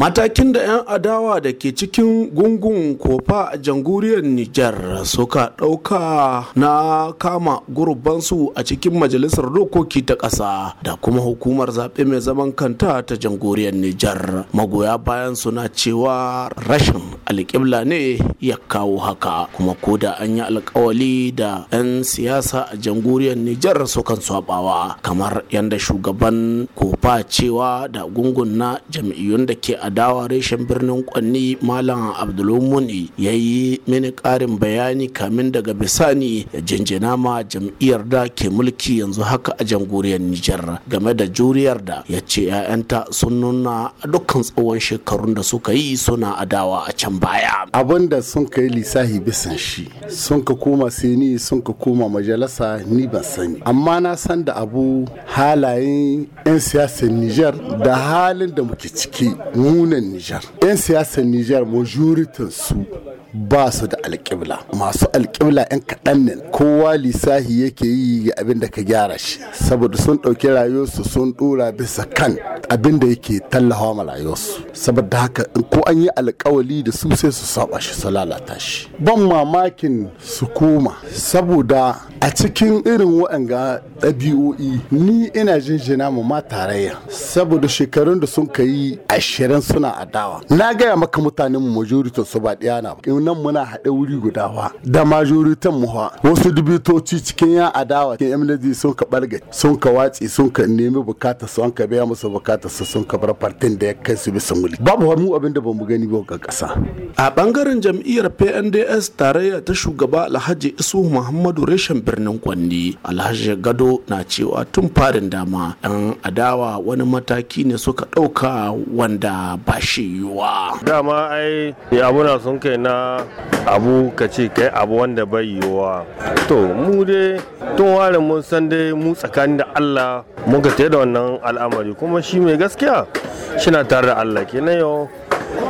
matakin da 'yan adawa da ke cikin gungun kofa a janguriyar nijar suka ɗauka na kama gurbansu a cikin majalisar dokoki ta ƙasa da kuma hukumar zaɓe mai zaman kanta ta janguriyar nijar magoya bayan suna cewa rashin alƙibla ne ya kawo haka kuma ko da an yi alkawali da 'yan siyasa a janguriyar nijar sukan swabawa kamar yadda shugaban kofa cewa da gungun na jam'iyyun da ke a adawa reshen birnin kwanni malam abdulmuni ya yi mini karin bayani kamin daga bisani ya jinjina ma jam'iyyar da ke mulki yanzu haka a jamhuriyar nijar game da juriyar da ya ce 'ya'yanta sun nuna dukkan tsawon shekarun da suka yi suna adawa a can baya abin da sun ka yi lissafi bisan shi sun ka koma sini sun ka koma majalasa ni ban sani amma na san da abu halayen 'yan siyasar nijar da halin da muke ciki mu munan Nijar. 'Yan siyasar Nijar majoritin su ba su da alƙibla. Masu alƙibla 'yan kaɗan ne kowa lisahi yake yi ga abin da ka gyara shi. Saboda sun ɗauki rayuwarsu sun ɗora bisa kan abin da yake tallafa ma rayuwarsu. Saboda haka ko an yi alƙawali da su sai su saba shi su lalata shi. Ban mamakin su koma saboda a cikin irin waɗanga ɗabi'o'i ni ina jinjina mu ma tarayya saboda shekarun da sun ka yi ashirin suna adawa na gaya maka mutanen mu majoritin su ba ɗaya na nan muna haɗe wuri guda wa da majoritan mu wa wasu dubitoci cikin ya adawa ke MLD sun ka ɓarge sun ka watsi sun ka nemi bukata su an ka biya musu bukata su sun ka bar partin da ya kai su bisa muli babu mu abin da bamu gani ba ga ƙasa a bangaren jam'iyyar pnds tarayya ta shugaba alhaji isu muhammadu reshen birnin Kwandi. Alhaji Gado na cewa tun farin dama 'yan adawa wani mataki ne suka ɗauka wanda ba shi yiwuwa. Dama ai abuna sun kai na abu ka ce kai abu wanda bai yiwuwa. To mu dai tun warin mun san dai mu tsakanin da Allah muka da wannan al'amari kuma shi mai gaskiya shi na tare da Allah kenan yau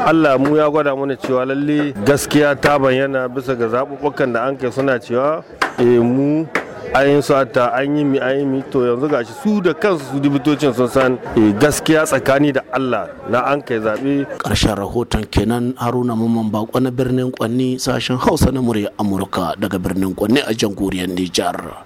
Allah mu ya gwada mana cewa lalle gaskiya ta bayyana bisa ga zaɓuɓɓukan da an kai suna cewa e mu an yi sata an yi mi an yi mi to yanzu gashi su da kansu su dibitocin sun san eh, gaskiya tsakani da Allah na an kai zaɓe. karshen rahoton kenan Haruna Mamman Bako na birnin Kwanni sashen Hausa na murya Amurka daga birnin Kwanni a jamhuriyar Nijar.